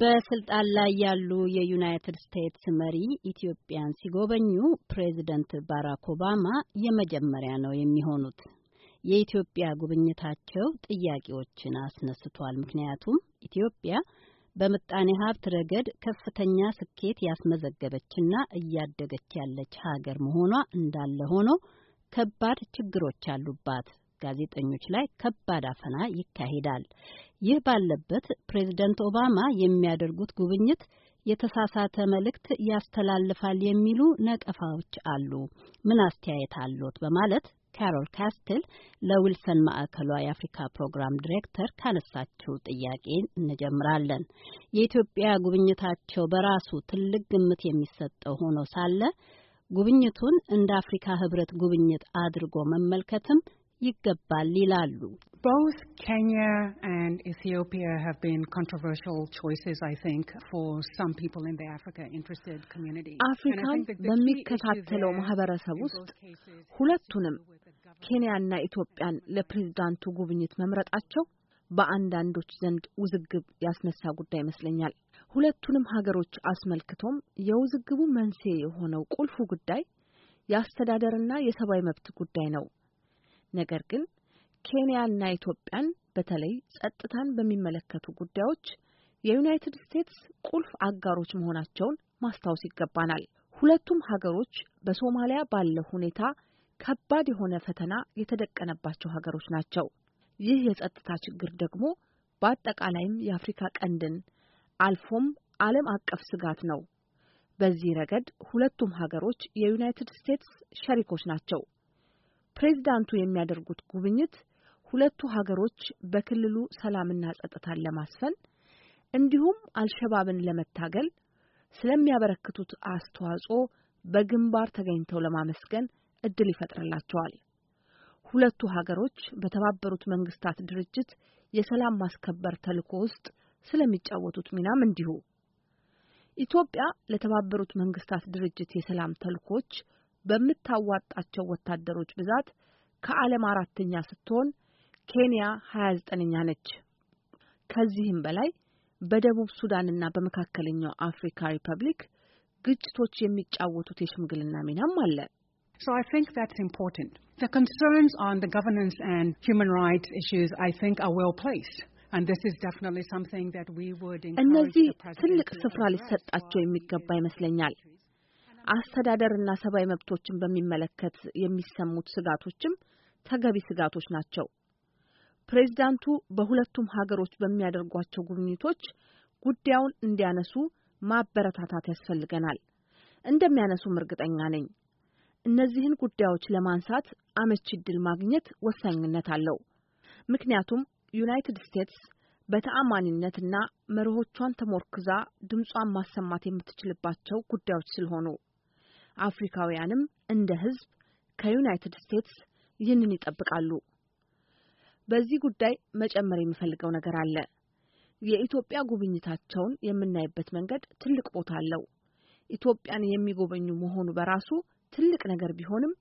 በስልጣን ላይ ያሉ የዩናይትድ ስቴትስ መሪ ኢትዮጵያን ሲጎበኙ ፕሬዚደንት ባራክ ኦባማ የመጀመሪያ ነው የሚሆኑት። የኢትዮጵያ ጉብኝታቸው ጥያቄዎችን አስነስቷል። ምክንያቱም ኢትዮጵያ በምጣኔ ሀብት ረገድ ከፍተኛ ስኬት ያስመዘገበችና እያደገች ያለች ሀገር መሆኗ እንዳለ ሆኖ ከባድ ችግሮች አሉባት። ጋዜጠኞች ላይ ከባድ አፈና ይካሄዳል። ይህ ባለበት ፕሬዝደንት ኦባማ የሚያደርጉት ጉብኝት የተሳሳተ መልእክት ያስተላልፋል የሚሉ ነቀፋዎች አሉ። ምን አስተያየት አሉት? በማለት ካሮል ካስትል ለዊልሰን ማዕከሏ የአፍሪካ ፕሮግራም ዲሬክተር ካነሳችው ጥያቄ እንጀምራለን። የኢትዮጵያ ጉብኝታቸው በራሱ ትልቅ ግምት የሚሰጠው ሆኖ ሳለ ጉብኝቱን እንደ አፍሪካ ሕብረት ጉብኝት አድርጎ መመልከትም ይገባል ይላሉ። Both Kenya and Ethiopia have been controversial choices, I think, for some people in the Africa interested community. አፍሪካን በሚከታተለው ማህበረሰብ ውስጥ ሁለቱንም ኬንያና ኢትዮጵያን ለፕሬዝዳንቱ ጉብኝት መምረጣቸው በአንዳንዶች ዘንድ ውዝግብ ያስነሳ ጉዳይ ይመስለኛል። ሁለቱንም ሀገሮች አስመልክቶም የውዝግቡ መንስኤ የሆነው ቁልፉ ጉዳይ የአስተዳደርና የሰብአዊ መብት ጉዳይ ነው። ነገር ግን ኬንያና ኢትዮጵያን በተለይ ጸጥታን በሚመለከቱ ጉዳዮች የዩናይትድ ስቴትስ ቁልፍ አጋሮች መሆናቸውን ማስታወስ ይገባናል። ሁለቱም ሀገሮች በሶማሊያ ባለው ሁኔታ ከባድ የሆነ ፈተና የተደቀነባቸው ሀገሮች ናቸው። ይህ የጸጥታ ችግር ደግሞ በአጠቃላይም የአፍሪካ ቀንድን አልፎም ዓለም አቀፍ ስጋት ነው። በዚህ ረገድ ሁለቱም ሀገሮች የዩናይትድ ስቴትስ ሸሪኮች ናቸው። ፕሬዚዳንቱ የሚያደርጉት ጉብኝት ሁለቱ ሀገሮች በክልሉ ሰላምና ጸጥታን ለማስፈን እንዲሁም አልሸባብን ለመታገል ስለሚያበረክቱት አስተዋጽኦ በግንባር ተገኝተው ለማመስገን እድል ይፈጥርላቸዋል። ሁለቱ ሀገሮች በተባበሩት መንግስታት ድርጅት የሰላም ማስከበር ተልዕኮ ውስጥ ስለሚጫወቱት ሚናም እንዲሁ ኢትዮጵያ ለተባበሩት መንግስታት ድርጅት የሰላም ተልዕኮች በምታዋጣቸው ወታደሮች ብዛት ከዓለም አራተኛ ስትሆን ኬንያ 29ኛ ነች። ከዚህም በላይ በደቡብ ሱዳንና በመካከለኛው አፍሪካ ሪፐብሊክ ግጭቶች የሚጫወቱት የሽምግልና ሚናም አለ። So I think that's important. The concerns on the governance and human rights issues I think are well placed. እነዚህ ትልቅ ስፍራ ሊሰጣቸው የሚገባ ይመስለኛል። አስተዳደርና ሰብአዊ መብቶችን በሚመለከት የሚሰሙት ስጋቶችም ተገቢ ስጋቶች ናቸው። ፕሬዚዳንቱ በሁለቱም ሀገሮች በሚያደርጓቸው ጉብኝቶች ጉዳዩን እንዲያነሱ ማበረታታት ያስፈልገናል። እንደሚያነሱም እርግጠኛ ነኝ። እነዚህን ጉዳዮች ለማንሳት አመቺ እድል ማግኘት ወሳኝነት አለው። ምክንያቱም ዩናይትድ ስቴትስ በተአማኒነትና መርሆቿን ተሞርክዛ ድምጿን ማሰማት የምትችልባቸው ጉዳዮች ስለሆኑ አፍሪካውያንም እንደ ህዝብ ከዩናይትድ ስቴትስ ይህንን ይጠብቃሉ። በዚህ ጉዳይ መጨመር የሚፈልገው ነገር አለ። የኢትዮጵያ ጉብኝታቸውን የምናይበት መንገድ ትልቅ ቦታ አለው። ኢትዮጵያን የሚጎበኙ መሆኑ በራሱ ትልቅ ነገር ቢሆንም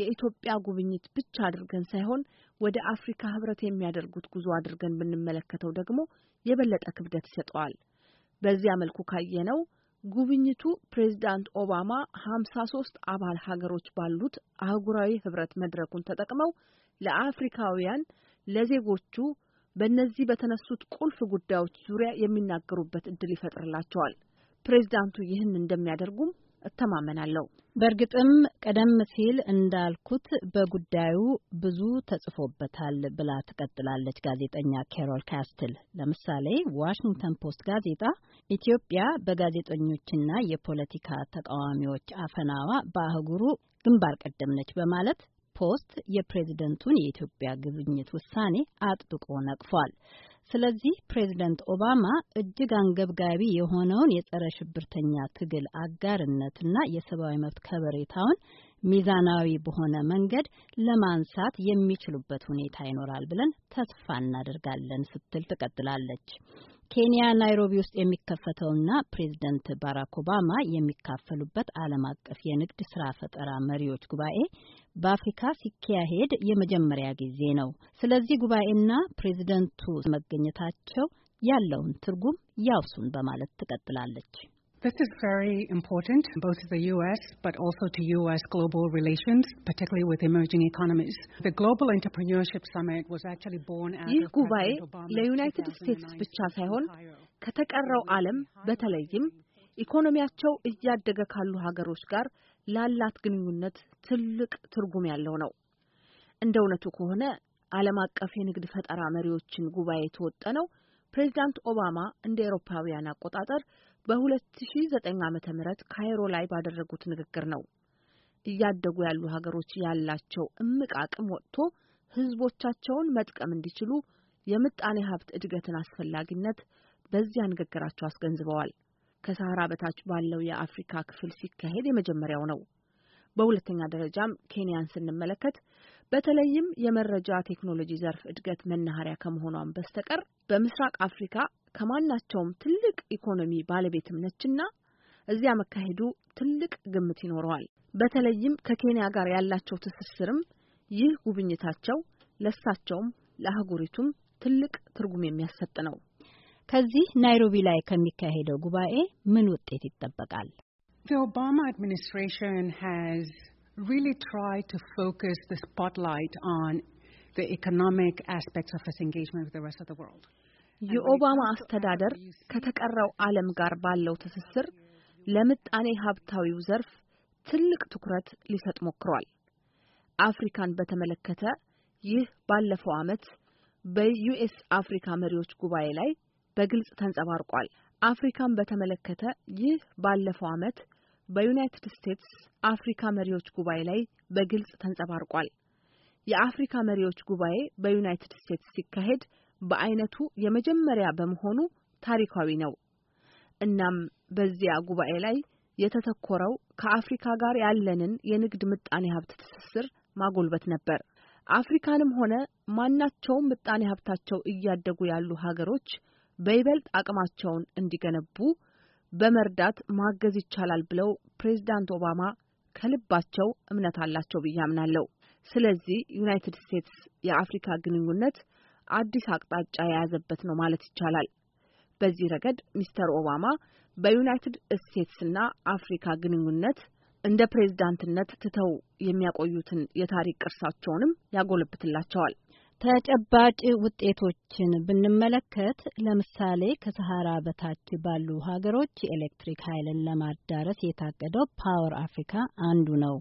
የኢትዮጵያ ጉብኝት ብቻ አድርገን ሳይሆን ወደ አፍሪካ ህብረት የሚያደርጉት ጉዞ አድርገን ብንመለከተው ደግሞ የበለጠ ክብደት ይሰጠዋል። በዚያ መልኩ ካየነው ጉብኝቱ ፕሬዚዳንት ኦባማ ሀምሳ ሶስት አባል ሀገሮች ባሉት አህጉራዊ ህብረት መድረኩን ተጠቅመው ለአፍሪካውያን ለዜጎቹ በእነዚህ በተነሱት ቁልፍ ጉዳዮች ዙሪያ የሚናገሩበት እድል ይፈጥርላቸዋል። ፕሬዚዳንቱ ይህን እንደሚያደርጉም እተማመናለሁ። በእርግጥም ቀደም ሲል እንዳልኩት በጉዳዩ ብዙ ተጽፎበታል ብላ ትቀጥላለች ጋዜጠኛ ኬሮል ካስትል። ለምሳሌ ዋሽንግተን ፖስት ጋዜጣ ኢትዮጵያ በጋዜጠኞችና የፖለቲካ ተቃዋሚዎች አፈናዋ በአህጉሩ ግንባር ቀደም ነች በማለት ፖስት የፕሬዝደንቱን የኢትዮጵያ ጉብኝት ውሳኔ አጥብቆ ነቅፏል። ስለዚህ ፕሬዝደንት ኦባማ እጅግ አንገብጋቢ የሆነውን የጸረ ሽብርተኛ ትግል አጋርነትና የሰብአዊ መብት ከበሬታውን ሚዛናዊ በሆነ መንገድ ለማንሳት የሚችሉበት ሁኔታ ይኖራል ብለን ተስፋ እናደርጋለን ስትል ትቀጥላለች። ኬንያ ናይሮቢ ውስጥ የሚከፈተውና ፕሬዝደንት ባራክ ኦባማ የሚካፈሉበት ዓለም አቀፍ የንግድ ስራ ፈጠራ መሪዎች ጉባኤ በአፍሪካ ሲካሄድ የመጀመሪያ ጊዜ ነው። ስለዚህ ጉባኤና ፕሬዚደንቱ መገኘታቸው ያለውን ትርጉም ያውሱን በማለት ትቀጥላለች። This is very important, both to the U.S., but also to U.S. global relations, particularly with emerging economies. The Global Entrepreneurship Summit was actually born out ይህ ጉባኤ ለዩናይትድ ስቴትስ ብቻ ሳይሆን ከተቀረው ዓለም በተለይም ኢኮኖሚያቸው እያደገ ካሉ ሀገሮች ጋር ላላት ግንኙነት ትልቅ ትርጉም ያለው ነው። እንደ እውነቱ ከሆነ ዓለም አቀፍ የንግድ ፈጠራ መሪዎችን ጉባኤ የተወጠነው ፕሬዚዳንት ኦባማ እንደ ኤሮፓውያን አቆጣጠር በ2009 ዓመተ ምህረት ካይሮ ላይ ባደረጉት ንግግር ነው። እያደጉ ያሉ ሀገሮች ያላቸው እምቅ አቅም ወጥቶ ህዝቦቻቸውን መጥቀም እንዲችሉ የምጣኔ ሀብት እድገትን አስፈላጊነት በዚያ ንግግራቸው አስገንዝበዋል። ከሰሃራ በታች ባለው የአፍሪካ ክፍል ሲካሄድ የመጀመሪያው ነው። በሁለተኛ ደረጃም ኬንያን ስንመለከት በተለይም የመረጃ ቴክኖሎጂ ዘርፍ እድገት መናኸሪያ ከመሆኗን በስተቀር በምስራቅ አፍሪካ ከማናቸውም ትልቅ ኢኮኖሚ ባለቤትም ነችና እዚያ መካሄዱ ትልቅ ግምት ይኖረዋል። በተለይም ከኬንያ ጋር ያላቸው ትስስርም ይህ ጉብኝታቸው ለእሳቸውም ለአህጉሪቱም ትልቅ ትርጉም የሚያሰጥ ነው። ከዚህ ናይሮቢ ላይ ከሚካሄደው ጉባኤ ምን ውጤት ይጠበቃል? ኦባማ አድሚኒስትሬሽን ሃዝ ሪሊ ትራይ ቱ ፎከስ ዘ ስፖትላይት ኦን ዘ ኢኮኖሚክ አስፔክትስ ኦፍ ሂዝ ኢንጌጅመንት ዊዝ ዘ ረስት ኦፍ ዘ ወርልድ የኦባማ አስተዳደር ከተቀረው ዓለም ጋር ባለው ትስስር ለምጣኔ ሀብታዊው ዘርፍ ትልቅ ትኩረት ሊሰጥ ሞክሯል። አፍሪካን በተመለከተ ይህ ባለፈው ዓመት በዩኤስ አፍሪካ መሪዎች ጉባኤ ላይ በግልጽ ተንጸባርቋል። አፍሪካን በተመለከተ ይህ ባለፈው ዓመት በዩናይትድ ስቴትስ አፍሪካ መሪዎች ጉባኤ ላይ በግልጽ ተንጸባርቋል። የአፍሪካ መሪዎች ጉባኤ በዩናይትድ ስቴትስ ሲካሄድ በአይነቱ የመጀመሪያ በመሆኑ ታሪካዊ ነው። እናም በዚያ ጉባኤ ላይ የተተኮረው ከአፍሪካ ጋር ያለንን የንግድ ምጣኔ ሀብት ትስስር ማጎልበት ነበር። አፍሪካንም ሆነ ማናቸውም ምጣኔ ሀብታቸው እያደጉ ያሉ ሀገሮች በይበልጥ አቅማቸውን እንዲገነቡ በመርዳት ማገዝ ይቻላል ብለው ፕሬዚዳንት ኦባማ ከልባቸው እምነት አላቸው ብዬ አምናለሁ። ስለዚህ ዩናይትድ ስቴትስ የአፍሪካ ግንኙነት አዲስ አቅጣጫ የያዘበት ነው ማለት ይቻላል። በዚህ ረገድ ሚስተር ኦባማ በዩናይትድ ስቴትስና አፍሪካ ግንኙነት እንደ ፕሬዝዳንትነት ትተው የሚያቆዩትን የታሪክ ቅርሳቸውንም ያጎለብትላቸዋል። ተጨባጭ ውጤቶችን ብንመለከት ለምሳሌ ከሰሃራ በታች ባሉ ሀገሮች የኤሌክትሪክ ኃይልን ለማዳረስ የታቀደው ፓወር አፍሪካ አንዱ ነው።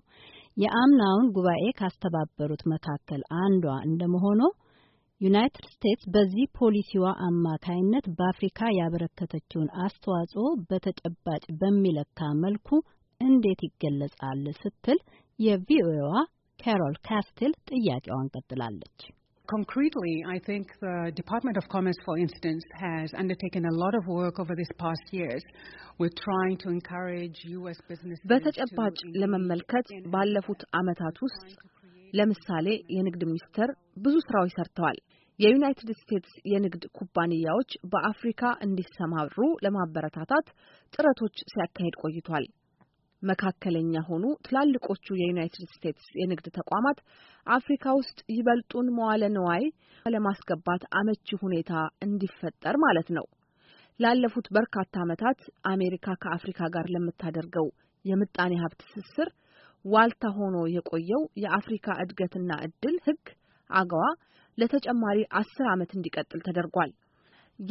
የአምናውን ጉባኤ ካስተባበሩት መካከል አንዷ እንደመሆኑ ዩናይትድ ስቴትስ በዚህ ፖሊሲዋ አማካይነት በአፍሪካ ያበረከተችውን አስተዋጽኦ በተጨባጭ በሚለካ መልኩ እንዴት ይገለጻል ስትል የቪኦኤዋ ካሮል ካስቲል ጥያቄዋን ቀጥላለች። Concretely, I think the Department of Commerce, for instance, has undertaken a lot of work over these past years with trying to encourage US businesses. በተጨባጭ ለመመልከት ባለፉት ዓመታት ውስጥ ለምሳሌ የንግድ ሚኒስቴር ብዙ ስራዎች ሰርተዋል። የዩናይትድ ስቴትስ የንግድ ኩባንያዎች በአፍሪካ እንዲሰማሩ ለማበረታታት ጥረቶች ሲያካሂድ ቆይቷል። መካከለኛ ሆኑ ትላልቆቹ የዩናይትድ ስቴትስ የንግድ ተቋማት አፍሪካ ውስጥ ይበልጡን መዋለ ነዋይ ለማስገባት አመቺ ሁኔታ እንዲፈጠር ማለት ነው። ላለፉት በርካታ ዓመታት አሜሪካ ከአፍሪካ ጋር ለምታደርገው የምጣኔ ሀብት ትስስር ዋልታ ሆኖ የቆየው የአፍሪካ እድገትና እድል ህግ አገዋ ለተጨማሪ አስር ዓመት እንዲቀጥል ተደርጓል።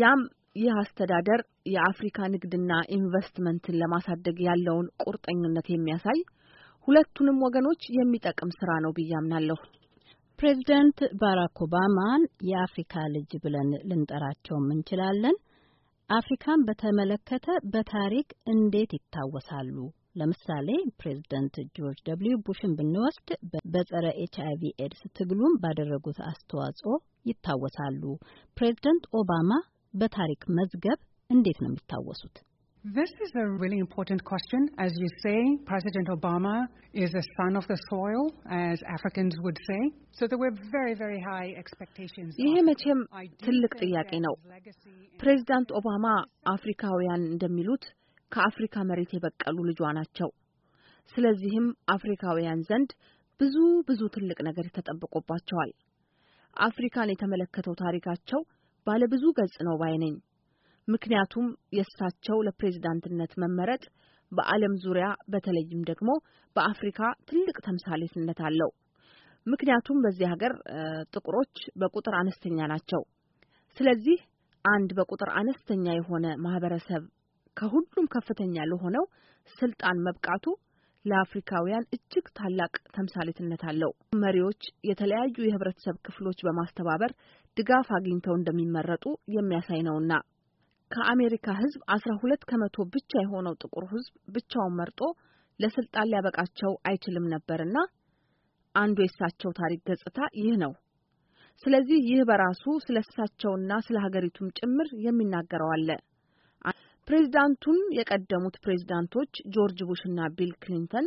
ያም ይህ አስተዳደር የአፍሪካ ንግድና ኢንቨስትመንትን ለማሳደግ ያለውን ቁርጠኝነት የሚያሳይ ሁለቱንም ወገኖች የሚጠቅም ስራ ነው ብዬ አምናለሁ። ፕሬዚደንት ባራክ ኦባማን የአፍሪካ ልጅ ብለን ልንጠራቸውም እንችላለን። አፍሪካን በተመለከተ በታሪክ እንዴት ይታወሳሉ? ለምሳሌ ፕሬዚደንት ጆርጅ ደብልዩ ቡሽን ብንወስድ በጸረ ኤች አይቪ ኤድስ ትግሉም ባደረጉት አስተዋጽኦ ይታወሳሉ። ፕሬዚደንት ኦባማ በታሪክ መዝገብ እንዴት ነው የሚታወሱት? This is a really important question. As you say, President Obama is a son of the soil, as Africans would say. So there were very, very high expectations. ይሄ መቼም ትልቅ ጥያቄ ነው። ፕሬዚዳንት ኦባማ አፍሪካውያን እንደሚሉት ከአፍሪካ መሬት የበቀሉ ልጇ ናቸው። ስለዚህም አፍሪካውያን ዘንድ ብዙ ብዙ ትልቅ ነገር ተጠብቆባቸዋል። አፍሪካን የተመለከተው ታሪካቸው ባለብዙ ገጽ ነው ባይ ነኝ። ምክንያቱም የእሳቸው ለፕሬዝዳንትነት መመረጥ በዓለም ዙሪያ በተለይም ደግሞ በአፍሪካ ትልቅ ተምሳሌትነት አለው። ምክንያቱም በዚህ ሀገር ጥቁሮች በቁጥር አነስተኛ ናቸው። ስለዚህ አንድ በቁጥር አነስተኛ የሆነ ማህበረሰብ ከሁሉም ከፍተኛ ለሆነው ስልጣን መብቃቱ ለአፍሪካውያን እጅግ ታላቅ ተምሳሌትነት አለው። መሪዎች የተለያዩ የህብረተሰብ ክፍሎች በማስተባበር ድጋፍ አግኝተው እንደሚመረጡ የሚያሳይ ነውና ከአሜሪካ ህዝብ አስራ ሁለት ከመቶ ብቻ የሆነው ጥቁር ህዝብ ብቻውን መርጦ ለስልጣን ሊያበቃቸው አይችልም ነበርና አንዱ የእሳቸው ታሪክ ገጽታ ይህ ነው። ስለዚህ ይህ በራሱ ስለ እሳቸውና ስለ ሀገሪቱም ጭምር የሚናገረው አለ። ፕሬዚዳንቱን የቀደሙት ፕሬዚዳንቶች ጆርጅ ቡሽ እና ቢል ክሊንተን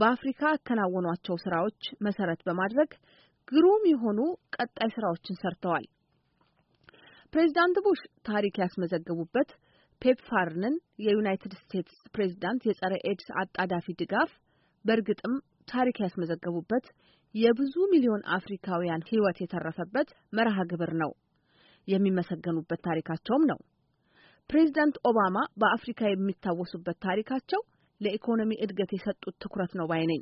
በአፍሪካ ያከናወኗቸው ስራዎች መሰረት በማድረግ ግሩም የሆኑ ቀጣይ ስራዎችን ሰርተዋል። ፕሬዚዳንት ቡሽ ታሪክ ያስመዘገቡበት ፔፕፋርንን የዩናይትድ ስቴትስ ፕሬዚዳንት የጸረ ኤድስ አጣዳፊ ድጋፍ በእርግጥም ታሪክ ያስመዘገቡበት የብዙ ሚሊዮን አፍሪካውያን ሕይወት የተረፈበት መርሃ ግብር ነው። የሚመሰገኑበት ታሪካቸውም ነው። ፕሬዚዳንት ኦባማ በአፍሪካ የሚታወሱበት ታሪካቸው ለኢኮኖሚ እድገት የሰጡት ትኩረት ነው ባይ ነኝ።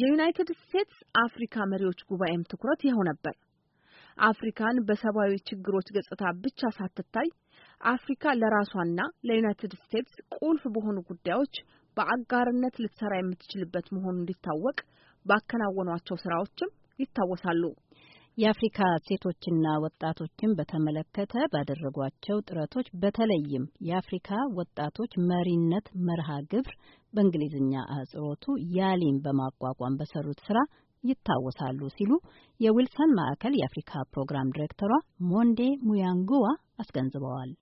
የዩናይትድ ስቴትስ አፍሪካ መሪዎች ጉባኤም ትኩረት ይኸው ነበር። አፍሪካን በሰብአዊ ችግሮች ገጽታ ብቻ ሳትታይ አፍሪካ ለራሷና ለዩናይትድ ስቴትስ ቁልፍ በሆኑ ጉዳዮች በአጋርነት ልትሰራ የምትችልበት መሆኑ እንዲታወቅ ባከናወኗቸው ስራዎችም ይታወሳሉ። የአፍሪካ ሴቶችና ወጣቶችን በተመለከተ ባደረጓቸው ጥረቶች በተለይም የአፍሪካ ወጣቶች መሪነት መርሃ ግብር በእንግሊዝኛ አህጽሮቱ ያሊን በማቋቋም በሰሩት ስራ ይታወሳሉ ሲሉ የዊልሰን ማዕከል የአፍሪካ ፕሮግራም ዲሬክተሯ ሞንዴ ሙያንጉዋ አስገንዝበዋል።